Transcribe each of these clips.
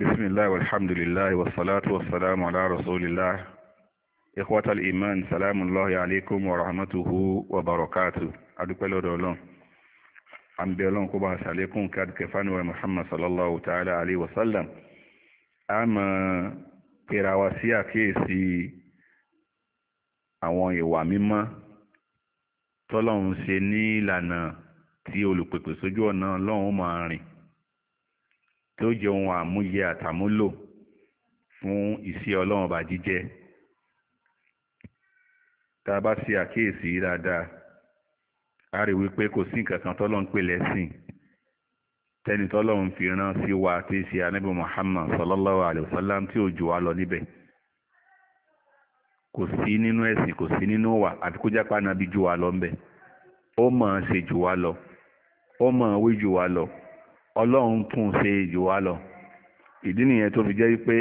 بسم الله والحمد لله والصلاة والسلام على رسول الله إخوة الإيمان سلام الله عليكم ورحمته وبركاته أدوك لدولون عم بيولون كبه ساليكم كاد كفان ومحمد صلى الله تعالى عليه وسلم أما كراواسيا كيسي àwọn ìwà mímọ́ tọ́lọ́run ṣe ní ìlànà tí olùpèpè sójú ọ̀nà ọlọ́run máa rìn tó jẹ́ ohun àmúyẹ àtàmúlò fún iṣẹ́ ọlọ́run bá jíjẹ́ tá a bá ṣe àkíyèsí dáadáa a rí wípé kò sí nǹkan tọ́lọ́run pè lẹ́sìn tẹ́ni tọ́lọ́run fi rán sí wa tí ṣe anábì Muhammad sallallahu alayhi sallam tí ò jù wá lọ níbẹ̀ kò sí nínú ẹ̀sìn kò sí nínú wà àti kó jápá nàbí jù wá lọ ń ó mọ̀ ṣe jù wá lọ ó mọ̀ wí jù wá lọ ọlọ́run tún ṣe jù wá lọ ìdí nìyẹn tó fi jẹ́ pé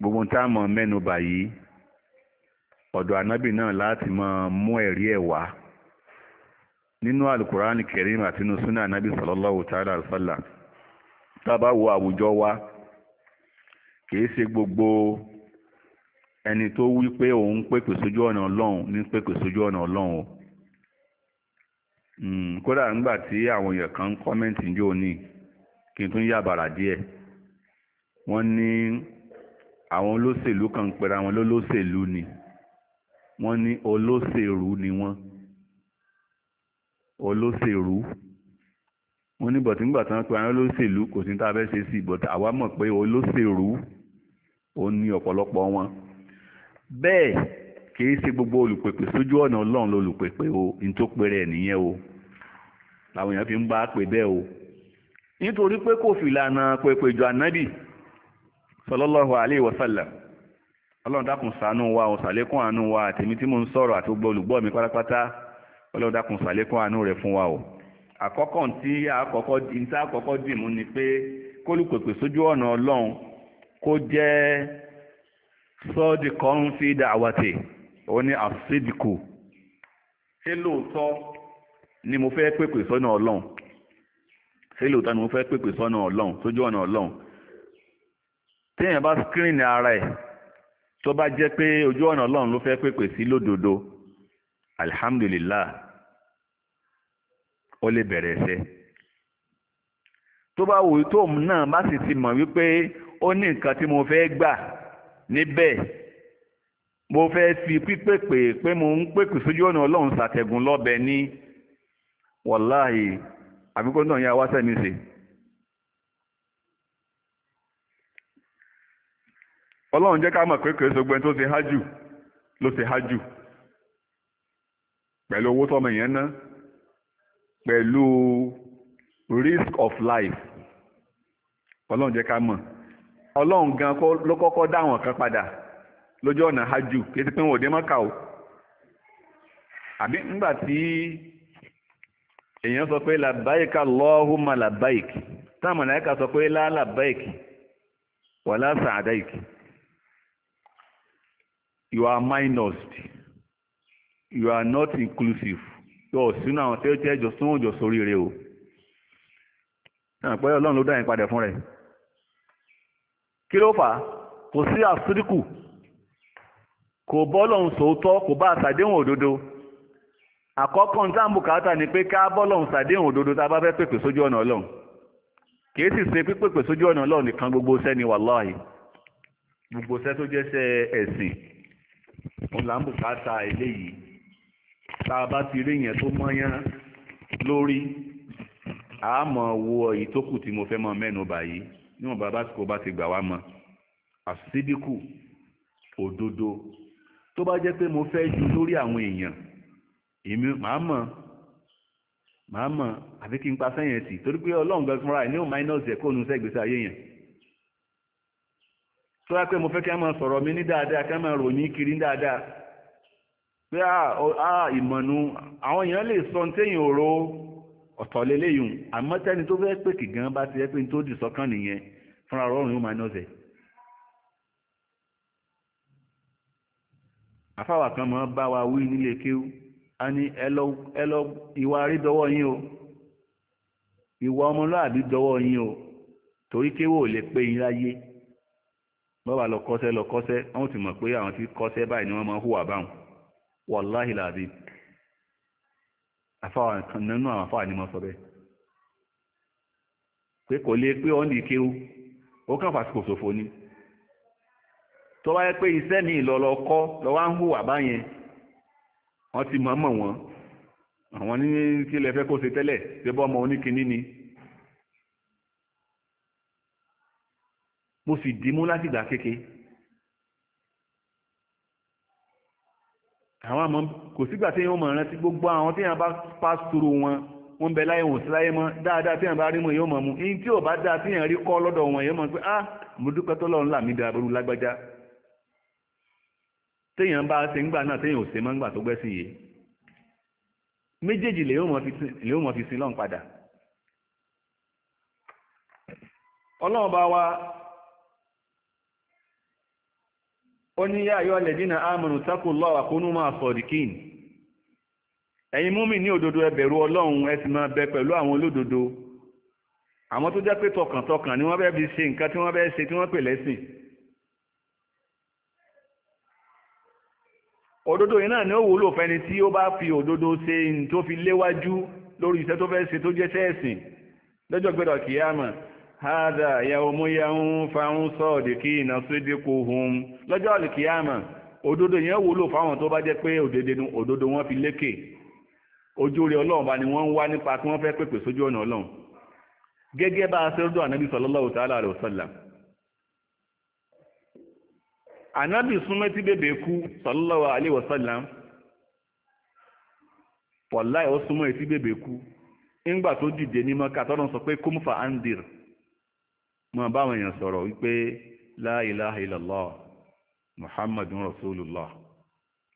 gbogbo táàmọ̀ mẹ́nubà yìí ọ̀dọ̀ ànábì náà láti máa mú ẹ̀rí ẹ̀ wá nínú alukurani kẹrin àti nínú súnà ànábì sallallahu ta'ala àlùfàlà tá a bá wo àwùjọ wa kìí ṣe gbogbo ẹni tó wí pé òun pèpè sójú ọ̀nà ọlọ́run ní pèpè sójú ọ̀nà ọlọ́run o hmm, kódà nígbà tí àwọn èèyàn kan ń kọ́mẹ́ǹtì ń jó ní kí n tún yàbàrà díẹ̀ wọ́n ní àwọn olóṣèlú kan pera wọn lólóṣèlú ni wọ́n ní olóṣèlú ni wọ́n olóṣèlú wọ́n ní bọ̀tí nígbà tí wọ́n pe àwọn olóṣèlú kò sí tá a fẹ́ ṣe sí bọ̀tí àwa mọ̀ pé olóṣèlú ó ní ọ̀pọ̀lọpọ̀ wọn bẹ́ẹ̀ kìí ṣe gbogbo olùpèpè sójú ọ̀nà ọlọ́run lolùpèpè o ní tó péré ẹ̀ nìyẹn o làwọn èèyàn fi ń bá pè bẹ́ẹ̀ o nítorí pé kò fìlànà pèpèjọ ànábì sallallahu alaihi wasallam ọlọ́run dákun ṣàánú wa ò ṣàlékún àánú wa àtèmi tí mo ń sọ̀rọ̀ àti gbogbo olùgbọ́ mi pátápátá ọlọ́run dákun ṣàlékún àánú rẹ̀ fún wa o àkọ́kọ́ tí àkọ́kọ́ níta àkọ́kọ́ dì mú ni pé kólùpèpè sójú ọ̀nà ọlọ́run kó jẹ́ sọ́ọ̀dì kan fi òun ni àṣídìkù ṣé lóòótọ́ ni mo fẹ́ pèpè sọ́nà ọlọ́run ṣé lóòótọ́ ni mo fẹ́ pèpè sọ́nà ọlọ́run sójú ọ̀nà ọlọ́run téèyàn bá screen ara ẹ̀ tó bá jẹ́ pé ojú ọ̀nà ọlọ́run ló fẹ́ pèpè sí lódodo alhamdulillah ó lè bẹ̀rẹ̀ ẹsẹ̀ tó bá wù tó náà bá sì ti mọ̀ wípé ó ní nǹkan tí mo fẹ́ gbà níbẹ̀ mo fẹ́ fi pípèpè pé mo ń pèpè sójú ọ̀nà ọlọ́run ṣàtẹ̀gùn lọ́bẹ̀ ní wàláhì àbíkó náà yá wá sẹ́mi sí ọlọ́run jẹ́ ká mọ̀ pé kìí sọgbẹ́ tó ṣe hájù ló ṣe hájù pẹ̀lú owó tọ́mọ èèyàn ná pẹ̀lú risk of life ọlọ́run jẹ́ ká mọ̀ ọlọ́run gan ló kọ́kọ́ dá àwọn kan padà lójú ọ̀nà hájù kí ẹ ti pín wọn ò dé mọ́kà o àbí nígbà tí èèyàn sọ pé làbáyìkà lọ́hùnmá làbáyìkì táwọn màláíkà sọ pé lá wà lásàádáìkì you are minused you are not inclusive yóò sínú àwọn tí ó jẹ́ ìjọsún òjò sórí rẹ o náà pé ọlọ́run ló dá yín padà fún rẹ̀ kí ló fà á kò sí àsíríkù kò bọ́ lọ́hùn sòótọ́ kò bá àsàdéhùn òdodo àkọ́kọ́ ní táwọn bùkátà ni pé ká bọ́lọ̀hún sàdéhùn òdodo tá a bá fẹ́ pèpè sójú ọ̀nà ọlọ́run kì í sì ṣe pípèpè sójú ọ̀nà ọlọ́run nìkan gbogbo iṣẹ́ ni wàláhì gbogbo iṣẹ́ tó jẹ́ iṣẹ́ ẹ̀sìn òun là ń bùkátà eléyìí tá a bá ti rí yẹn tó mọ́yán lórí àmọ́ wo èyí tó kù tí mo fẹ́ mọ mẹ́nu báyìí níwọ̀n bàbá tí kò bá ti gbà wá mọ́ àṣìbíkù òdodo tó bá jẹ́ pé mo fẹ́ ju lórí àwọn èèyàn èmi màá mọ̀ màá mọ̀ àfi kí n pa sẹ́yìn tì torí pé ọlọ́run gan fúnra ẹ̀ ní òun minus ẹ̀ kóònù sẹ́gbèsè ayé yẹn tó wá pé mo fẹ́ kí a máa sọ̀rọ̀ mi ní dáadáa kí a máa ròyìn kiri ní dáadáa pé à ìmọ̀nu àwọn èèyàn lè sọ téèyàn òro ọ̀tọ̀ lélẹ́yìn àmọ́ tẹ́ni tó fẹ́ pè kì gan bá ti yẹ pé n tó dì sọ́kàn nìyẹn fúnra ọlọ́run yóò minus ẹ̀ àfáwà kan mọ́ bá wa wí nílé kéwú a ní ẹlọ ìwà rí dọwọ́ yín o ìwà ọmọlúàbí dọwọ́ yín o torí kéwò lè pé yín láyé bọ́bà lọ kọ́sẹ́ lọ kọ́sẹ́ wọ́n ti mọ̀ pé àwọn tí kọ́sẹ́ báyìí ni wọ́n máa hùwà báwọn wàláhì làbí àfáà kan nínú àwọn àfáà ni mo sọ bẹ́ẹ̀ pé kò lè pé ọ́n ní kéwù ó kàn fàsìkò ṣòfò ni tó bá yẹ pé iṣẹ́ mi ìlọ́lọ́kọ́ lọ́wọ́ ń hùwà báyẹn wọ́n ti mọ̀ mọ̀ wọ́n àwọn ní kí lẹ fẹ́ kó ṣe tẹ́lẹ̀ ṣe bọ́ ọmọ oníkíní ni mo sì dìímú láti ìgbà kéke àwọn àmọ́ kò sígbà tí wọ́n mọ̀ rántí gbogbo àwọn tí wọ́n bá pass through wọn wọ́n ń bẹ láyé wọ̀n sí láyé mọ́ dáadáa tí wọ́n bá rí mọ̀ yóò mọ̀ mú ní tí ò bá dáa tí wọ́n rí kọ́ lọ́dọ̀ wọn yóò mọ̀ pé ah mo dúpẹ́ tó lọ́run là mí dáa lórí lágbájá téèyàn bá ṣe ń gbà náà téèyàn ò se máa ń gbà tó gbẹ́sìn yìí méjèèjì lè ó mọ̀ fi sin lọ́n padà ọlọ́run bá wa ó ní yá ayọ́ lẹ́dínà ámùnù tákù lọ́wà kó nú máa sọ̀dìkín ẹ̀yin múmi ní òdodo ẹ ọlọ́run ẹ sì máa bẹ pẹ̀lú àwọn olódodo àwọn tó jẹ́ pé tọkàntọkàn ni wọ́n fẹ́ fi se nǹkan tí wọ́n fẹ́ se tí wọ́n pè lẹ́sìn òdodo yìí náà ni ó wúlò fẹni tí ó bá fi òdodo ṣe ní tó fi léwájú lórí iṣẹ́ tó fẹ́ ṣe tó jẹ́ sẹ́ẹ̀sìn lọ́jọ́ gbẹ́dọ̀ kìyàmà hádà yàwómúyàwó fáwọn sọ́ọ̀dì kí iná sídìkù hùn lọ́jọ́ kìyàmà òdodo yẹn wúlò fáwọn tó bá jẹ́ pé òdodo wọn fi lékè ojú rẹ̀ ọlọ́run bá ni wọ́n ń wá nípa wọ́n fẹ́ pèpè sójú ọ̀nà ọlọ́run gẹ́gẹ́ bá a ṣe rúdọ̀ ànábì súnmọ́ tí bèbè kú sallallahu alaihi wasallam wàláì ó súnmọ́ etí bèbè kú nígbà maka dìde ní mọ́ká kumfa sọ pé kúmfà andir mọ́ báwọn èèyàn sọ̀rọ̀ wípé la ilaha illallah muhammadun rasulullah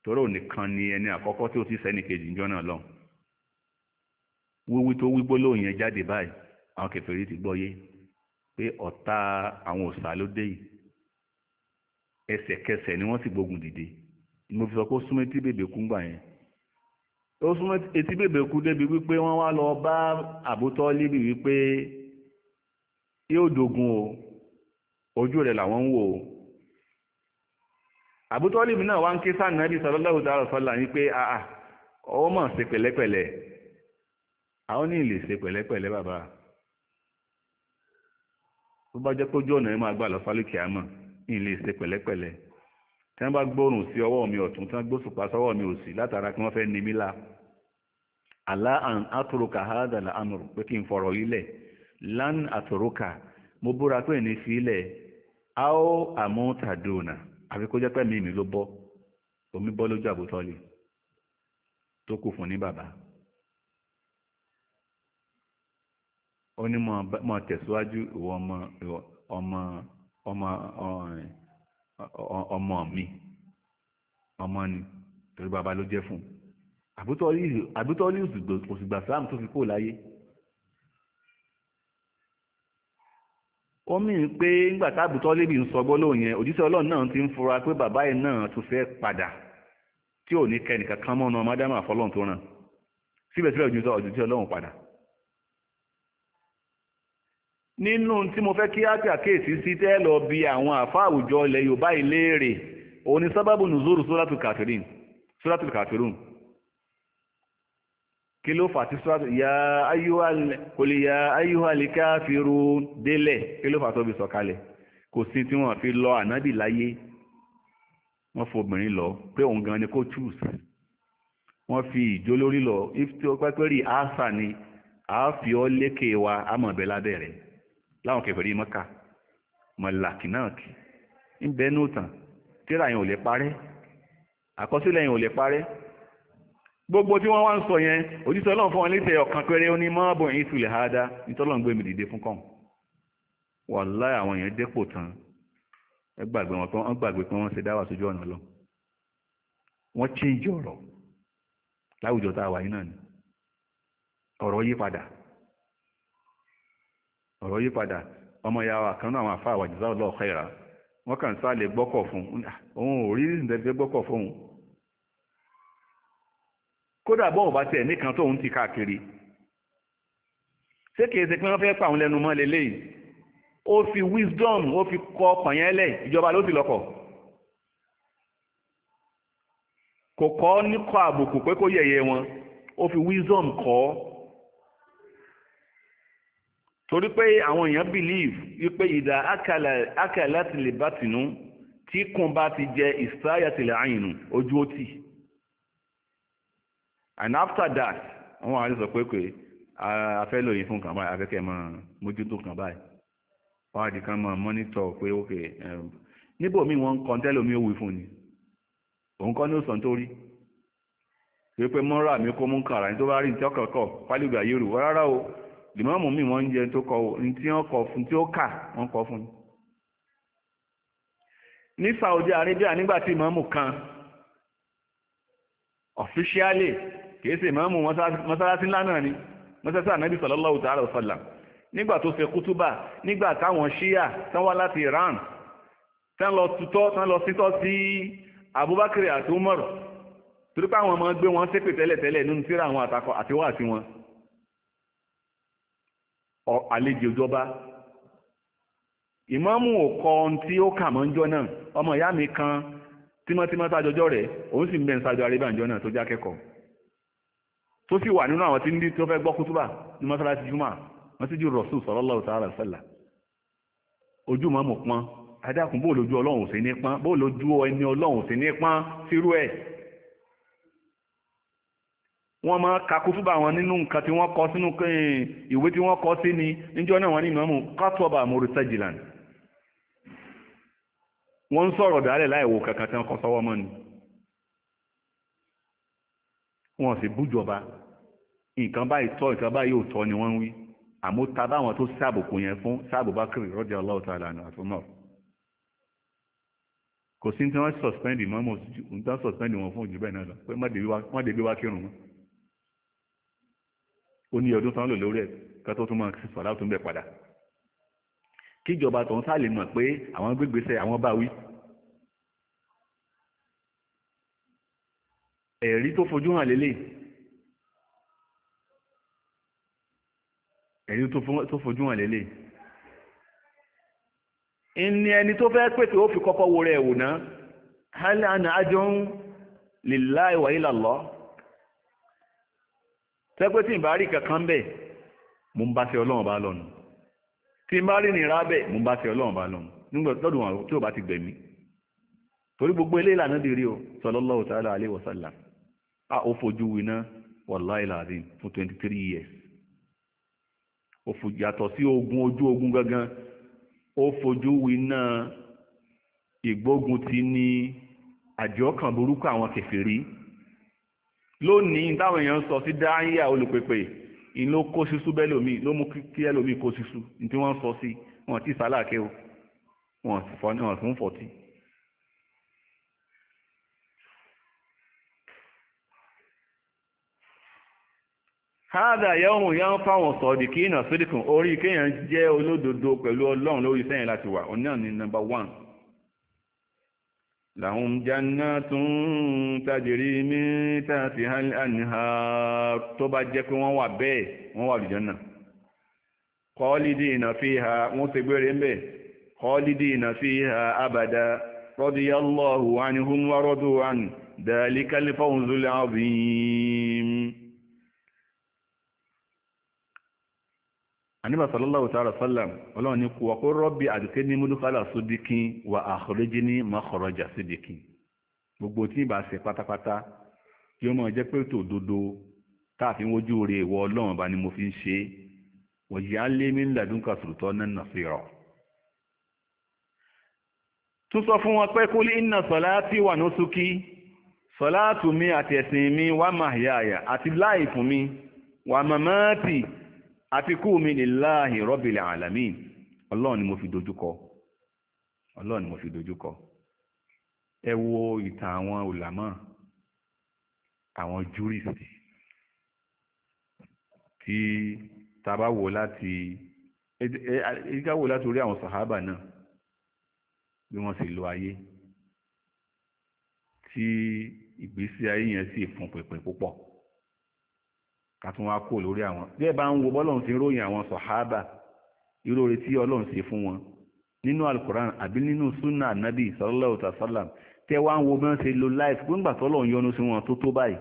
toro ni kan ni eni akoko tí ó ti sẹ́ni kejì ìjọ náà lọ wíwí tó wí gbólóhùn yẹn jade báyìí àwọn kèfèrí ti gboye pe ọ̀tá àwọn òòṣà ló dé ẹsẹ̀kẹsẹ̀ ni wọ́n sì gbógun dìde mo fi sọ pé ó súnmọ́ etí bèbè kú gbà yẹn ó súnmọ́ etí bèbè kú débi wípé wọ́n wá lọ bá àbótọ́ líbi wípé yóò dogun o ojú rẹ̀ làwọn ń wò o àbótọ́ líbi náà wá ń ké sáà nàbí sallallahu ta'ala sọ́lá ní pé àà ọwọ́ mọ̀ ṣe pẹ̀lẹ́pẹ̀lẹ́ àwọn ní ìlè ṣe pẹ̀lẹ́pẹ̀lẹ́ bàbá tó bá jẹ́ pé ojú ọ̀nà ẹ̀ máa gbà lọ sálùkì àmọ́ ilé ṣe pẹ̀lẹ́pẹ̀lẹ́ tí wọ́n bá gbóòrùn sí ọwọ́ mi ọ̀tún tí wọ́n gbóṣùpá sọ́wọ́ mi òsì látara kí wọ́n fẹ́ ní mí la àlá àn àtòrókà hádàlà àmọ̀rò pé kí n fọ̀rọ̀ ilẹ̀ lan àtòrókà mo búra pé ní fi ilẹ̀ a ó àmútàdónà àfi kó jẹ́ pẹ́ mi mi ló bọ́ omi bọ́ lójú àbótọ́lì tó kù fún ní bàbá ó ní mo tẹ̀síwájú ìwọ ọmọ ọmọ ọmọ mi ọmọ ni torí bàbá ló jẹ́ fún àbútọ́lí òsìgbà sáàmù tó fi kó láyé ó mì ń pé nígbà tábùtọ́lí bí ń sọ gbólóhùn yẹn òjíṣẹ́ ọlọ́run náà ti ń fura pé bàbá yẹn náà tún fẹ́ padà tí ò ní kẹ́nìkan kán mọ́nà mádàmà fọlọ́run tó ràn síbẹ̀síbẹ̀ òjíṣẹ́ ọlọ́run padà nínú tí mo fẹ́ kí á ti àkéèsí sí tẹ́ lọ bí àwọn àfa àwùjọ ilẹ̀ yorùbá ìléèrè òun ni sábàbù nùzúrù sóràtù kàfírìn sóràtù kàfírùn kí ló fà tí sóràtù ya ayúhàlì káfírùn délẹ̀ kí ló fà tó fi sọ̀kalẹ̀ kò sí tí wọ́n fi lọ ànábì láyé wọ́n fobìnrin lọ pé òun gan ni kó choose wọ́n fi ìjó lórí lọ if tí ó pẹ́pẹ́ rí àṣà ni àáfi ọ́ lékè wa àmọ̀bẹ́ lábẹ́ rẹ̀ láwọn kèfèrí mọ́ka mọ̀láàkì náà kì ń bẹ ní òtàn tíra yẹn ò lè parẹ́ àkọsílẹ̀ yẹn ò lè parẹ́ gbogbo tí wọ́n wá ń sọ yẹn òjíṣẹ́ ọlọ́run fún wọn létí ọ̀kan péré ó ní mọ́ọ̀bù yìí sùlẹ̀ háadá nítọ́lọ́run gbé mi dìde fún kàn wàláì àwọn èèyàn dépò tán ẹ gbàgbé wọn pé wọ́n gbàgbé pé wọ́n ṣe dáwà sójú ọ̀nà lọ wọ́n chíǹjì ọ̀rọ̀ láwùjọ tá a wà yìí náà ni ọ̀rọ̀ yí padà ọ̀rọ̀ yí padà ọmọ ìyá wa kan náà àwọn àfa àwàjìzá ọlọ́ọ̀ kẹ́ra wọ́n kàn sá lè gbọ́kọ̀ fún ah, òun ò rí ìdẹ́gbẹ́ gbọ́kọ̀ fún òun kódà bọ́ọ̀ bá tiẹ̀ nìkan tóun ti káàkiri ṣé kìí ṣe pé wọ́n fẹ́ pa òun lẹ́nu mọ́ leléyìí ó fi wisdom ó fi kọ ọkàn yẹn lẹ̀ ìjọba ló sì lọ́kọ̀ kò kọ́ níkọ̀ àbùkù pé kó yẹ̀yẹ́ wọn ó fi wisdom kọ́ ọ́ torí pé àwọn èèyàn believe wípé ìdá akàlà tilẹ̀ bá tìǹú tí kùn bá ti jẹ ìsáyà tilẹ̀ àyìnú ojú ó tì and after that àwọn àárín sọ pé pé afẹ́ lòyìn fún kàn báyìí afẹ́kẹ́ mọ mójútó kàn báyìí wọ́n á di kan mọ mọ́nítọ̀ pé ok um, níbo mi wọ́n ń kọ́ tẹ́lẹ̀ mi ò wí fún ni òun kọ́ ní òsàn tó rí pé pé mọ́ra mi kó mú kàrà ní tó bá rí ní tí ọkọ̀ pálígbà yìí rù rárá o lìmọ́ọ̀mù mi wọ́n ń jẹ tó kọ ní tí wọ́n kọ fún tí ó kà wọ́n kọ fún ní Saudi Arabia nígbà tí ìmọ̀ọ̀mù kan ọ̀fíṣíálì kìí ṣe ìmọ̀ọ̀mù mọ́sálásí ńlá náà ni mọ́sálásí ànábì sallallahu ta'ala wa sallam nígbà tó ṣe kútúbà nígbà táwọn ṣíyà tán wá láti Iran tán lọ tutọ́ tán lọ sítọ́ sí Abubakar àti Umar torípé àwọn ọmọ gbé wọn ṣépè tẹ́lẹ̀tẹ́lẹ̀ nínú tíra àwọn àtakọ àtiwá àti wọn àlejò ìjọba ìmáàmù ò kọ ohun tí ó kà mọ́ ń jọ náà ọmọ ìyá mi kan tímọ́tímọ́ sájọjọ́ rẹ̀ òun sì ń bẹ́ ń sájọ arébànjọ́ náà tó jákẹ́kọ̀ọ́ tó sì wà nínú àwọn tí ń dí tó fẹ́ gbọ́ kútúbà ní mọ́sálásí júmọ́ wọ́n sì jù rọ̀sùn sallallahu ta'ala sálà ojú mọ́mù pọ́n adákùn bóòlójú ọlọ́run sí ní pọ́n bóòlójú ẹni ọlọ́run sí ní pọ́n sírú ẹ̀ wọ́n máa kakú fúbà wọn nínú nǹkan tí wọ́n kọ sínú eh, ìwé tí wọ́n kọ sí ni níjọ́ náà wọ́n ní ìmọ̀ọ́mù kátọ́bà mọ́rùsẹ́jìlán wọ́n ń sọ̀rọ̀ dálẹ̀ láìwò kankan tí wọ́n kọ sọ́wọ́ mọ́ ni wọ́n sì bújọba nǹkan báyìí tọ́ nǹkan báyìí ò tọ́ ni wọ́n ń wí àmọ́ ta báwọn tó sáàbùkù yẹn fún sáàbù bákìrì rọ́jà ọlọ́ọ̀tà àlànà àtúnmọ̀ kò sí ní tí wọ́n suspend ó ní ọdún tán lò lórí ẹ̀ kátó tún máa sí sọ̀rọ̀ àtúntò bẹ̀ padà kíjọba tó ń sáàlè mọ̀ pé àwọn gbégbèsè àwọn bá wí ẹ̀rí tó fojú hàn lélẹ̀ ẹ̀rí tó fojú hàn lélẹ̀ ìní ẹni tó fẹ́ pètè ó fi kọ́kọ́ wo rẹ̀ wò ná hálà àná ajọ́ ń lè láìwà ìlàlọ́ tẹ́pẹ́ tí n bá rí kankan bẹ́ẹ̀ mo ń bá ṣe ọlọ́run bá lọ́nu tí n bá rí nira bẹ́ẹ̀ mo ń bá ṣe ọlọ́run bá lọ́nu nígbà lọ́dún àwọn tí ò bá ti gbẹ̀mí torí gbogbo eléyìí lànà dìrí o sallallahu ta'ala alaihi wasallam a ó fojú winá wallahi lazim fún twenty three years ó fojú yàtọ̀ sí ogun ojú ogun gangan ó fojú winá ìgbógun ti ní àjọ kan burúkú àwọn kèfèrí lónìí táwọn èèyàn sọ sí dáhìá olùpèpè ìyìn ló kó sísú bẹ́lòmíì ló mú kí ẹlòmíì kó sísú ní tí wọ́n sọ sí wọn ti sálàkẹ́ o wọn sì fọ́ wọn fún fọ́tí. hádà yẹ́hùn yá ń fáwọn sọ̀dì kí ìnà sídìkùn orí kéèyàn jẹ́ olódodo pẹ̀lú ọlọ́run lórí sẹ́yìn láti wà òun náà ni nọmba one لهم جنات تجري من تحتها الأنهار تبجك ووابي ووابي جنة خالدين فيها مصبرين خالدين فيها أبدا رضي الله عنهم ورضوا عنه ذلك الفوز العظيم àníbà sallallahu ta'ala sallam ọlọ́run ní kú ọkọ̀ rọ́bì àdùké ní múdúkálà sídìkín wà àkọ̀rẹ́jì ní mọ́kọ̀rọ̀jà sídìkín gbogbo tí ìbá ṣe pátápátá tí ó mọ̀ jẹ́ pé tòdodo táàfin wojú rẹ̀ ìwọ ọlọ́run bá ni mo fi ń ṣe wọ̀yí á lé mi ladunka sultanan nasira tún sọ fún wọn pé kúlí inna salati wa nusuki salatu mi àti ẹ̀sìn mi wa mahyaya àti láì fún mi wa mamati àfikú mi lillahi rabbil alamin ọlọ́run ni mo fi dojúkọ ọlọ́run ni mo fi dojúkọ ẹ wo ìtàn àwọn ulama àwọn jurist tí tàbá wò láti ẹ̀ẹ́dẹ́gbà wò láti orí àwọn sàhábà náà bí wọ́n sì lo ayé tí ìgbésí ayé yẹn sì fún pẹ̀pẹ̀ púpọ̀ kàtún wá kó lórí àwọn bí ẹ bá ń wo bọ́lọ́run ti ròyìn àwọn sọ̀hábà irú oore tí ọlọ́run ṣe fún wọn nínú alukoran àbí nínú sunna anabi sallallahu ta sallam tẹ wá ń wo bí wọ́n ṣe lo life gbọ́ngbà tọ́lọ́run yọ́nú sí wọn tó tó báyìí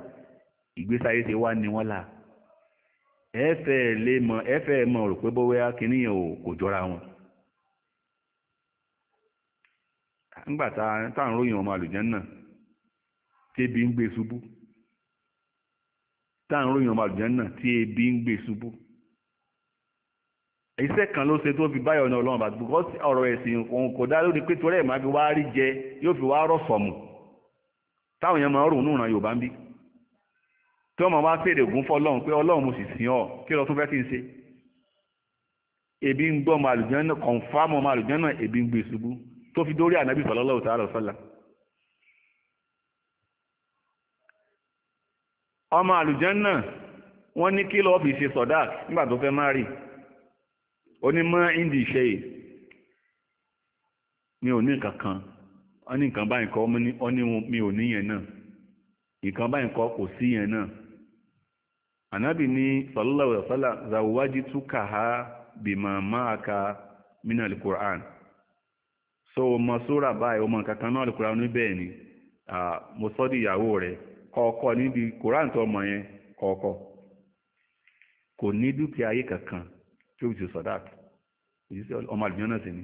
ìgbésí ayé ṣe wá ní wọ́n là ẹ̀fẹ̀ lè mọ ẹ̀fẹ̀ mọ rò pé bọ́wẹ́ kínní yẹn kò jọra wọn. nígbà tá à ń ròyìn ọmọ àlùjẹ́ náà tẹ́bi ń gbé ṣubú táà ń ròyìn ọmọ àlùjẹ́ náà tí ebi ń gbé ṣubú iṣẹ́ kan ló ṣe tó fi báyọ̀ ọ̀nà ọlọ́run àti bùkọ́ ọ̀rọ̀ ẹ̀sìn òun kò dá lórí pé torí ẹ̀ máa fi wá rí jẹ yóò fi wá rọ̀ sọ̀mù táwọn èèyàn máa rò nù ràn Yorùbá ń bí tí wọ́n máa wá fèrè ògún fọlọ́run pé ọlọ́run mo sì sìn ọ́ kí lọ tún fẹ́ kí n ṣe ebi ń gbọ́ ọmọ àlùjẹ́ náà kọ̀ǹfà ọmọ àlùjẹ́ náà ebi ń gbé ṣubú tó fi dórí ànábì sallallahu ọmọ àlùjànnà wọ́n ní kí lọ́ọ̀bì ṣe sọ̀dák nígbà tó fẹ́ máa rí onímọ̀ indi ṣe mi ò ní kankan wọ́n ní nǹkan báyìí kọ́ wọ́n ní mi ò níyẹn náà nǹkan báyìí kọ́ kò sí yẹn náà ànábì ní sallallahu alaihi wasallam zawájí túkà á bìmọ̀ máa ka mínà alukur'an so mo sóra báyìí ọmọ kankan náà alukur'an níbẹ̀ ni ah, mo sọ́ ìyàwó rẹ̀ kọ̀ọ̀kọ̀ níbi koran tó mọ̀ yẹn kọ̀ọ̀kọ̀ kò ní dúkìá ayé kankan tí ó fi ṣe sọ̀dáàkì èyí sí ọmọ àlùmíọ́ náà sì ni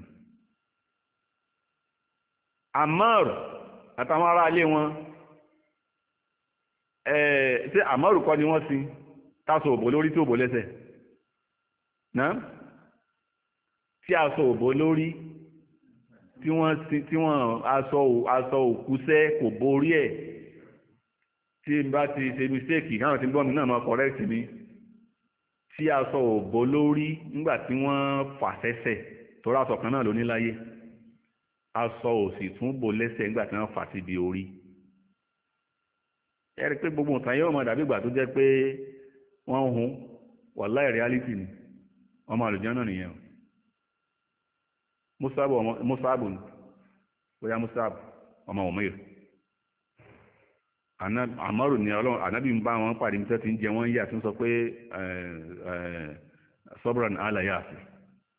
amar àtàwọn ará ilé wọn ṣé amar kọ́ ni wọ́n sin táṣọ òbò lórí tí òbò lẹ́sẹ̀ náà tí aṣọ òbò lórí tí wọ́n aṣọ òkúṣẹ́ kò borí ẹ̀ tí n bá ti ṣe mistake káwọn ti gbọ́ mi náà máa correct mi tí aṣọ òbó lórí nígbà tí wọ́n fàṣẹsẹ̀ torí aṣọ kan náà ló ní láyé aṣọ òsì tún bò lẹ́sẹ̀ nígbà tí wọ́n fà síbi orí ẹ rí i pé gbogbo nǹkan yóò máa dàbí ìgbà tó jẹ́ pé wọ́n hun wàláì reality ni ọmọ àlùjọ́ náà nìyẹn o musabu ọmọ musabu bóyá musabu ọmọ òmìnir àmọ́rò ni ọlọ́run ànábì ń bá wọn pàdé mítẹ́ tí ń jẹ wọ́n yà tí ń sọ pé sobran ala yaasi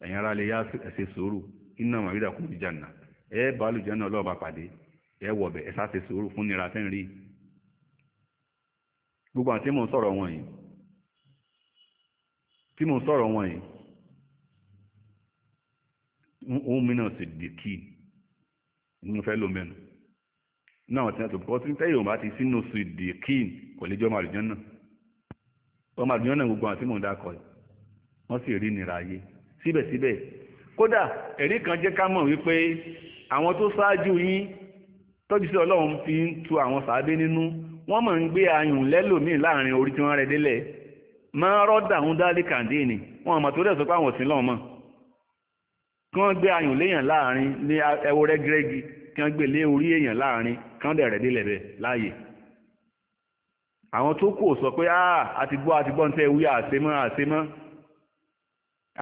ẹ̀yin ara lè yaasi ẹ̀sẹ̀ sùúrù iná wọn àrídà kún ìjànà ẹ bá olùjẹ́nà ọlọ́ọ̀bá pàdé ẹ wọ̀bẹ̀ ẹ sá ṣe sùúrù fún nira tẹ́ ń rí gbogbo àwọn tí mò ń sọ̀rọ̀ wọn yìí tí mìíràn sì dìkì ní mo fẹ́ lò náà wọ́n ti náà tó bọ́ sí tẹ́yìn òun bá ti sínú sùdì kíìn kò lè jọ ọmọ àlùjọ náà ọmọ àlùjọ náà gbogbo àwọn tí mò ń dákọ̀ yìí wọ́n sì rí nira ayé síbẹ̀síbẹ̀ kódà ẹ̀rí kan jẹ́ ká mọ̀ wípé àwọn tó ṣáájú yín tọ́jú sí ọlọ́run fi ń tu àwọn sàábé nínú wọ́n mọ̀ ń gbé ayùn lẹ́lòmíì láàrin orí tí wọ́n rẹ̀ délẹ̀ máa rọ́dà ń dálé kàndéènì wọn mọ̀ tó dẹ̀ sọ pé àwọn òsín lọ́wọ́ mọ̀ kí wọ́n gbé ayùn léèyàn láàrin ní ẹwọ rẹ́gírẹ́gi kí wọ́n gbé lé orí èèyàn láàrin kán dẹ̀ rẹ̀ délẹ̀ bẹ̀ láàyè àwọn tó kù sọ pé ah àti gbọ́ àti gbọ́ ń tẹ́ wí àsemọ́ àsemọ́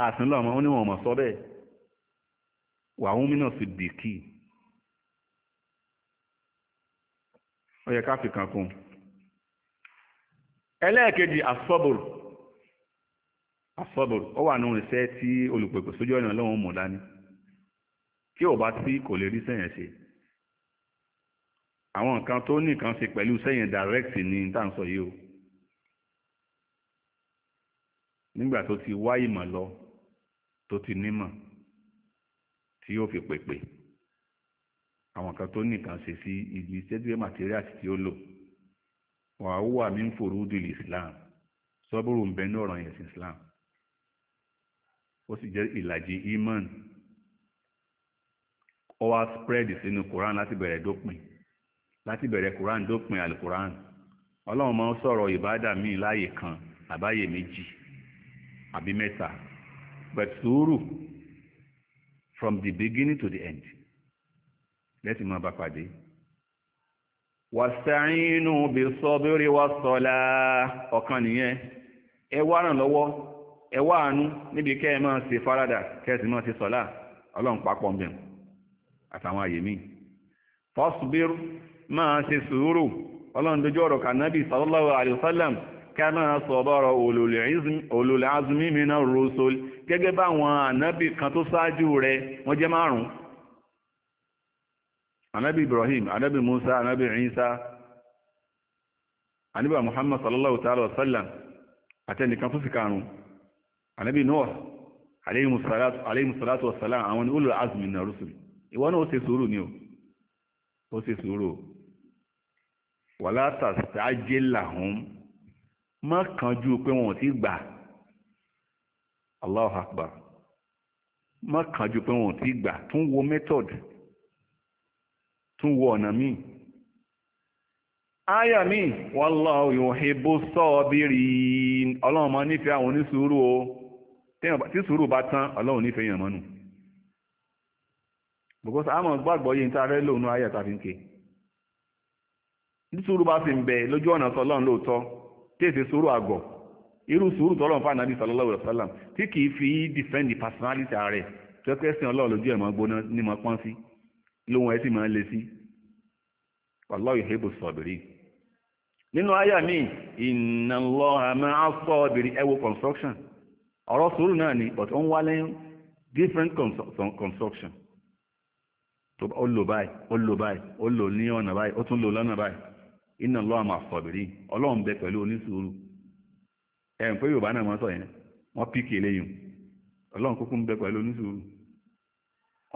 àsìnlọ́mọ́ ó ní wọn mọ̀ sọ bẹ́ẹ̀ wàhún mínà sí dìkì ó yẹ ká fi kan kún ẹlẹ́ẹ̀kejì asọ́bùrù asọ́bùrù ó wà nínú iṣẹ́ tí olùpẹ̀pẹ̀ sójú ọ̀nà lọ́wọ́ mọ̀ dání tí ò bá sí kò lè rí sẹ́yìn ṣe àwọn nǹkan tó ní nǹkan ṣe pẹ̀lú sẹ́yìn direct ni tá à ń sọ yìí o nígbà tó ti wá ìmọ̀ lọ tó ti nímọ̀ tí yóò fi pèpè àwọn kan tó nìkan ṣe sí ibi ṣẹ́dúwẹ́ materials tí ó lò wà ó wà mí ń fòrú dùn islam sọ́bùrù ń bẹ ní ọ̀ràn ẹ̀sìn islam ó sì jẹ́ ìlàjì iman ó wá spread sínú Quran láti bẹ̀rẹ̀ dópin láti bẹ̀rẹ̀ quran dópin alukuran ọlọ́run máa ń sọ̀rọ̀ ìbádà míì láàyè kan àbáyè méjì àbí mẹ́ta but sùúrù from the beginning to the end lẹ́sìn máa bá pàdé. wàstáínù bí sọ́bírí wá sọ́lá ọ̀kan nìyẹn ẹ wá ràn lọ́wọ́ ẹ wá àánú níbi kẹ́ ẹ máa ṣe farada, kẹ́ ẹ sì máa ṣe sọ́lá ọlọ́run papọ̀ mbẹ̀ àtàwọn àyè míì. fọ́sùbírù máa ṣe sùúrù ọlọ́run dojú ọ̀rọ̀ kànábì sallallahu alayhi wa sallam kama sọ̀bọ̀rọ̀ ulul azmi minar rusul gẹ́gẹ́ báwọn ànábì kan tó ṣáájú rẹ̀ wọ́n jẹ́ márùn-ún ànábì Ibrahim ànábì Musa ànábì Isa ànábì Muhammad sallallahu ta'ala wa sallam àtẹnìkan fún sí karùn-ún ànábì Nuh alayhi salatu wa salam àwọn ulul azmi minar rusul ìwọ náà ó ṣe sùúrù ni ó ṣe sùúrù wàlá tàṣájé làhùn má kánjú pé wọn ò tí gbà Allahu Akbar má kánjú pé wọn ò tí gbà tún wo method tún wo ọ̀nà míì áyà míì wallahu yuhibbu sabirin ọlọ́run máa nífẹ̀ẹ́ àwọn onísùúrù o tí sùúrù bá tán ọlọ́run nífẹ̀ẹ́ yàn mọ́nu because àmọ́ gbàgbọ́ yìí ń tá a fẹ́ lòun náà ní sùúrù bá fi ń bẹ lójú ọ̀nà sọlọ́run lóòótọ́ tí èsì sùúrù iru irú sùúrù tọ́lọ́run na ànábì sallallahu alaihi fi defend personality rẹ̀ tó pẹ́ sìn ọlọ́run lójú ẹ̀mọ́ gbóná ní mọ́ pọ́n sí lóhun ẹ̀ sì máa nínú àyà mi inna construction ọ̀rọ̀ soro náà ni but ó ń different construction tó ó lò báyìí iná lọ́wọ́ máa sọ̀bìrì ọlọ́run bẹ pẹ̀lú onísùúrù ẹ̀ ń pé yorùbá náà wọ́n sọ yẹn wọ́n píkì eléyìn ọlọ́run kúkú ń bẹ pẹ̀lú onísùúrù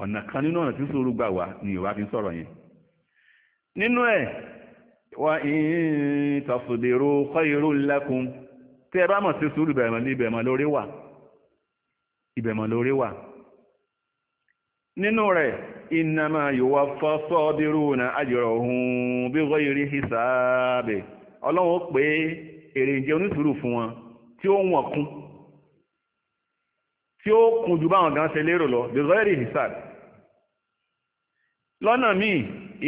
ọ̀nà kan nínú ọ̀nà tí sùúrù gbà wá ni yorùbá fi ń sọ̀rọ̀ yẹn nínú ẹ̀ wà ń tọ̀sùdèrò kọ́ irú lẹ́kùn tí ẹ bá mọ̀ sí sùúrù bẹ̀rẹ̀ ní ibẹ̀mọ̀ lórí wà ibẹ̀mọ̀ lórí wà nínú rẹ̀ innama yuwaffa sabiruna ajrahum bighayri hisabe ọlọ́run pé èrè ìjẹ onísùúrù fún wọn tí ó wọ̀n kún tí ó kún ju báwọn gan ṣe lérò lọ bighayri hisabe lọ́nà míì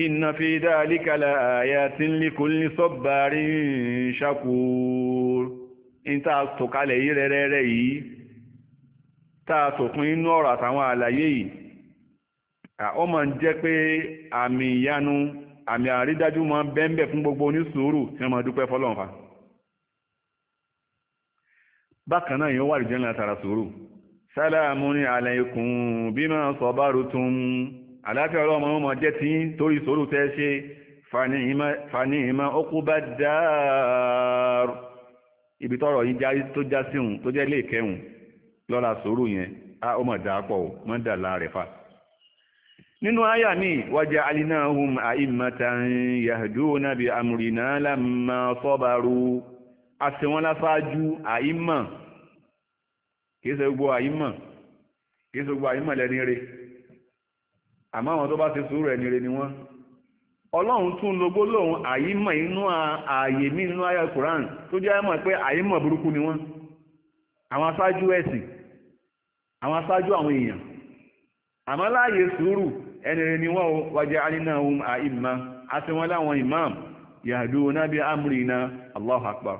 inna fi dhalika la ayatin li kulli sabbarin shakur níta tòkalẹ̀ yìí rẹ́rẹ́rẹ́ yìí tá tòkun inú ọ̀rọ̀ àtàwọn àlàyé yìí ó máa ń jẹ́ pé àmì ìyanu àmì àrídájú máa ń bẹ́ńbẹ̀ fún gbogbo onísùúrù tí wọ́n máa dúpẹ́ bákan náà yóò wà ńlá tara sùúrù ní ọlọ́mọ ọmọ jẹ́ torí sùúrù tẹ́ ṣe fani ìmọ̀ bá dáàrù ibi yìí tó já tó jẹ́ lè lọ́la sùúrù yẹn á ó mọ̀ nínú àyà mi wájà alinahum àìmọ̀tàn yahduna bi amrina lamma sabaru àsìwọ́n láfáájú àìmọ̀ kìí ṣe gbogbo àìmọ̀ kìí ṣe gbogbo àìmọ̀ lẹ́ni re àmọ́ àwọn tó bá ti sùúrù ẹni re ni wọ́n ọlọ́run tún lo gbólóhùn àyímọ̀ inú ààyè mí nínú ayé Quran tó jẹ́ mọ̀ pé àyímọ̀ burúkú ni wọ́n àwọn aṣáájú ẹ̀sìn àwọn aṣáájú àwọn èèyàn àmọ́ láàyè sùúrù ẹnìrìn ni wọ́n waja'alnahum a'imma àti wọn láwọn imam yahduna bi amrina Allahu akbar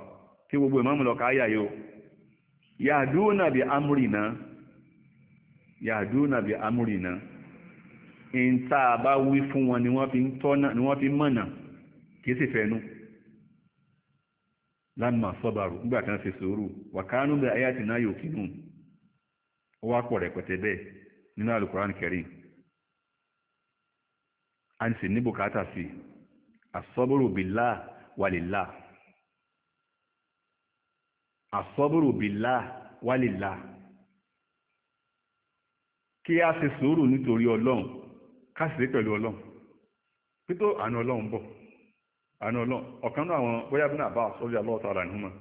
kí gbogbo imam lọ káyà yóò yahduna bi amrina yahduna bi amrina in tá bá wí fún wọn ni wọ́n fi ń tọ́nà ni wọ́n fi mọ̀nà kì í sì fẹ́nu lámà sọ́bàrù nígbà kan ṣe sòrò wàkánú ayatina yuqinun ó wá pọ̀ rẹpẹtẹ bẹ́ẹ̀ nínú a ń sì ní bùkátà sí asọ́bùrù bìlá wàlìlá asọ́bùrù bìlá wàlìlá kí a ṣe sùúrù nítorí ọlọ́run ká sì rí pẹ̀lú ọlọ́run pító àánú ọlọ́run bọ̀ àánú ọlọ́run ọ̀kan náà àwọn bóyá bí náà bá ọ̀sọ́jà lọ́ọ̀tà rà nínú mọ́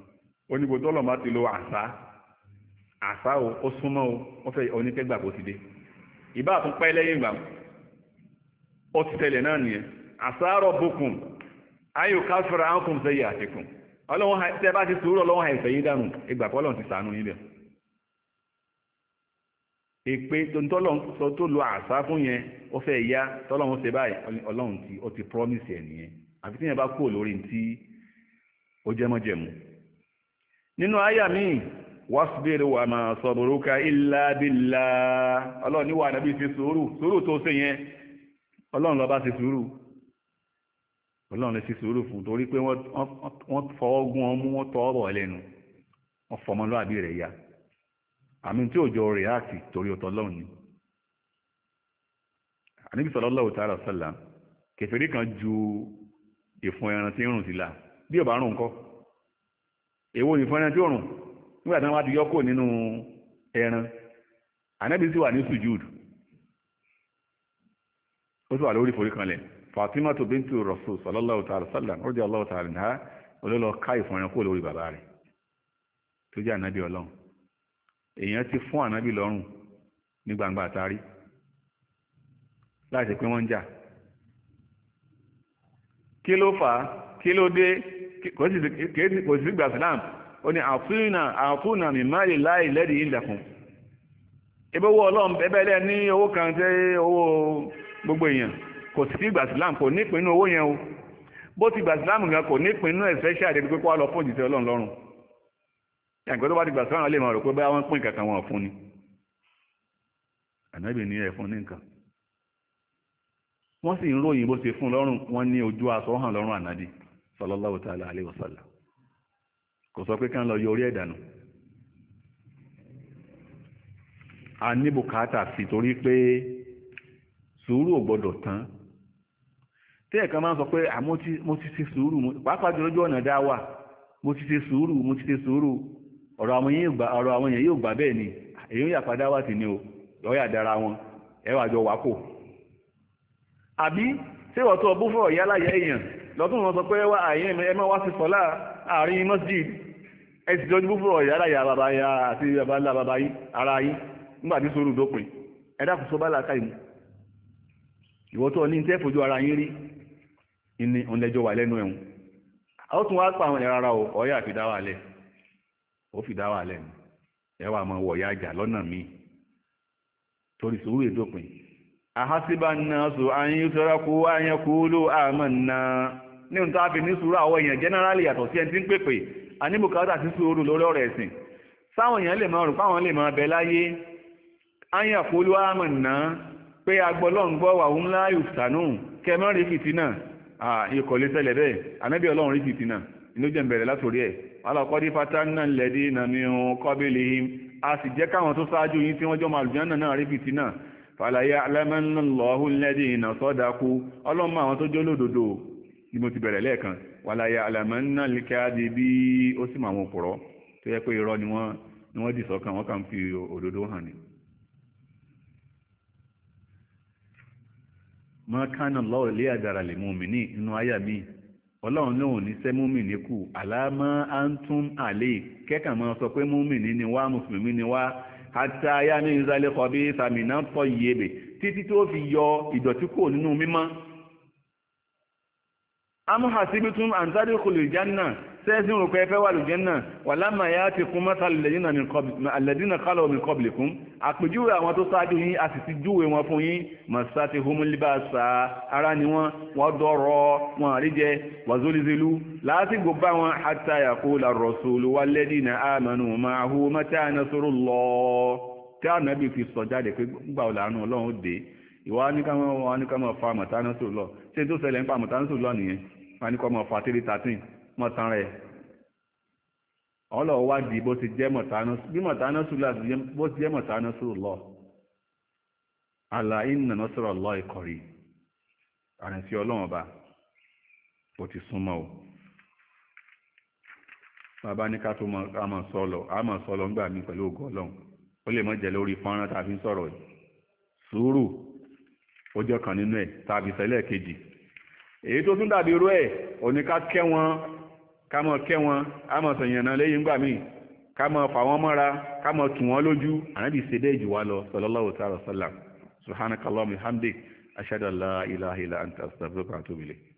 onígbò tọ́lọ̀ bá ti lo àṣà àṣà o ó súnmọ́ o wọ́n fẹ́ oníkẹ́gbà kò ti dé ìbá àtúnpẹ́ lẹ́yìn ìgbà ó ti tẹ̀lẹ̀ náà nìyẹn àsáàrọ̀ bukun ayò káfíra ánkùn sẹ́yì tó tó lo àṣà fún yẹn ó fẹ́ ya tọ́lọ́run ṣe báyìí ọlọ́run ti ó ti promise ẹ̀ nìyẹn àfi tí yẹn bá kúrò lórí ti ó jẹ́mọ́jẹ̀mú. nínú àyà míì ọlọ́run tó ṣe yẹn ọlọ́run ló bá ṣe sùúrù ọlọ́run lè ṣe sùúrù fún torí pé wọ́n fọwọ́ gún ọmú wọ́n tọ́ ọ̀rọ̀ ẹlẹ́nu wọ́n fọmọlúàbí rẹ̀ ya àmì tí òjò rẹ̀ áàtì torí ọ̀tọ̀ ọlọ́run ni àníbi sallallahu ta'ala sallam kẹfẹ́rí kan ju ìfun ẹran tí ń rùn sílá bí ọ̀bá rùn kọ́ èwo ìfun ẹran tí ó rùn nígbà tí wọ́n bá ti yọ́kò nínú ẹran ànábi sì wà ní sùjúdù ó sì wà lórí ìforíkanlẹ̀ Fatimatu bintu Rasul sallallahu ta'ala sallam radiyallahu ta'ala anha olólọ ká ìfọ̀nrán kó lórí bàbá rẹ̀ tó jẹ́ ànábì ọlọ́run èèyàn ti fún ànábì lọ́rùn ní gbangba àtàrí láti pé wọ́n ń jà kí ló fà á kí ló dé kò sí gbà Islam ó ní àfúnà àfúnà mi má lè láì lẹ́dìí ìlẹ̀kùn ebówó ọlọ́run ẹbẹ́lẹ́ ní owó kan tẹ́ owó gbogbo èèyàn kò sì sí ìgbà Islam kò ní ìpinnu owó yẹn o bó ti gbà Islam gan kò ní ìpinnu ẹ̀fẹ́ ṣáàdé pé kó wá lọ fún òjìṣẹ́ Ọlọ́run lọ́rùn ẹ̀gbẹ́ tó bá ti gbà Islam lè máa rò pé bá wọn pín kankan wọn fún ni ànábì ní ẹ̀ fún ní nǹkan wọ́n sì ń ròyìn bó ṣe fún lọ́rùn wọ́n ní ojú aṣọ hàn lọ́rùn ànábì sallallahu ta'ala alaihi wasallam kò sọ pé kán lọ yọ orí ẹ̀dànù a ní bùkátà sí torí pé sùúrù ò gbọ́dọ̀ tán tí ẹ̀kan máa ń sọ pé mo ti ṣe sùúrù pàápàá jù lójú ọ̀nà dáwà mo ti ṣe sùúrù mo ti ṣe sùúrù ọ̀rọ̀ àwọn èèyàn yóò gbà bẹ́ẹ̀ ni èèyàn yà padà wà tì o lọ́yà dára wọn ẹwà jọ wà kò àbí wọn sọ wá àyè wá sí àárín masjid ẹ ti jọ fọ̀rọ̀ ya àti bàbá ńlá ara nígbà tí dópin ẹ iwotu tó ní tẹ́ fojú ara yín rí ní ọ̀nlẹ́jọ́ wà lẹ́nu ẹ̀hún ó tún wá pa àwọn ẹ̀rọ ara o ọ̀yà fi dáwà wà ó fi dáwà ẹwà ya lọ́nà míì torí sùúrù èdòpin àhásíbà sọ ló ní ohun tó a fi ní sùúrù àwọn èèyàn jẹ́nẹ́rálì yàtọ̀ sí ẹni tí ń pèpè àníbùkátà sí sùúrù lórí ọ̀rọ̀ ẹ̀sìn sáwọn èèyàn lè pé agbọ́lọ́n gbọ́ wà ń láàyò sànú kẹmọ́ rí fìtínà ikọ̀ lè ṣẹlẹ̀ bẹ́ẹ̀ ànábì ọlọ́run rí fìtínà inú jẹ́ bẹ̀rẹ̀ látòrí ẹ̀ alọ́kọ́dí fatánà lẹ́dí nàmí kọ́bílì yìí a sì jẹ́ káwọn tó ṣáájú yín tí wọ́n jọ màlúùjánà náà rí fìtínà fàlàyé alẹ́mẹ́nà lọ́hùn lẹ́dí ìnà sọ́dákú ọlọ́mọ àwọn tó jólódodo ni mo ma kana Allahu liyadara lil mu'minin inú àyà mi ọlọ́run náà ò ní sẹ́ múmìnì kù àlámọ́ antum àlè kẹ́kàn máa sọ pé múmìnì ni wá mùsùlùmí ni wá àti aya ní ìsàlẹ̀ kọ̀bí sàmìnà tọ́ ìyebè títí tó fi yọ ìdọ̀tí kò nínú mímọ́ amúhàsíbítún àǹtádìkùlù ìjánà sẹ́sìn rò pé ẹ fẹ́ wà lójẹ́ náà wà lámà yá ti kún mọ́sálẹ̀dínà kálọ̀ mi kọ́bìlì kún àpèjúwe àwọn tó sáájú yín a sì ti júwe wọn fún yín màsá ti humulibasa ara ni wọn wọn dọ̀rọ̀ wọn àríjẹ wàzólizelu lásìgbò bá wọn àtàyà la rọ̀sọ̀lù wà lẹ́dínà àmànù máa hu mọ́tà nasoro mọ̀tàn rẹ̀ ọlọ́ wádìí bó ti jẹ́ mọ̀tánásù bí mọ̀tánásù láti bó ti jẹ́ mọ̀tánásù lọ àlàyé nànà sọ̀rọ̀ lọ ìkọ̀rí àrẹ̀sí ọlọ́run ọba ó ti súnmọ́ o bàbá ní ká tó àmọ̀ sọ́lọ̀ àmọ̀ sọ́lọ̀ ńgbà mí pẹ̀lú ògo ọlọ́run ó lè mọ́ jẹ́ lórí fọ́nrán tàbí sọ̀rọ̀ yìí sùúrù ó jẹ́ ká mọ̀ kẹ́ wọn á mọ̀ sọ̀yàn náà lẹ́yìn gbà míì ká mọ̀ fà wọ́n mọ́ra ká mọ̀ tù wọ́n lójú ànábì ṣe dé jù wá lọ sallallahu ta'ala sallam subhanakallahumma hamdik ashhadu an la ilaha illa anta astaghfiruka wa atubu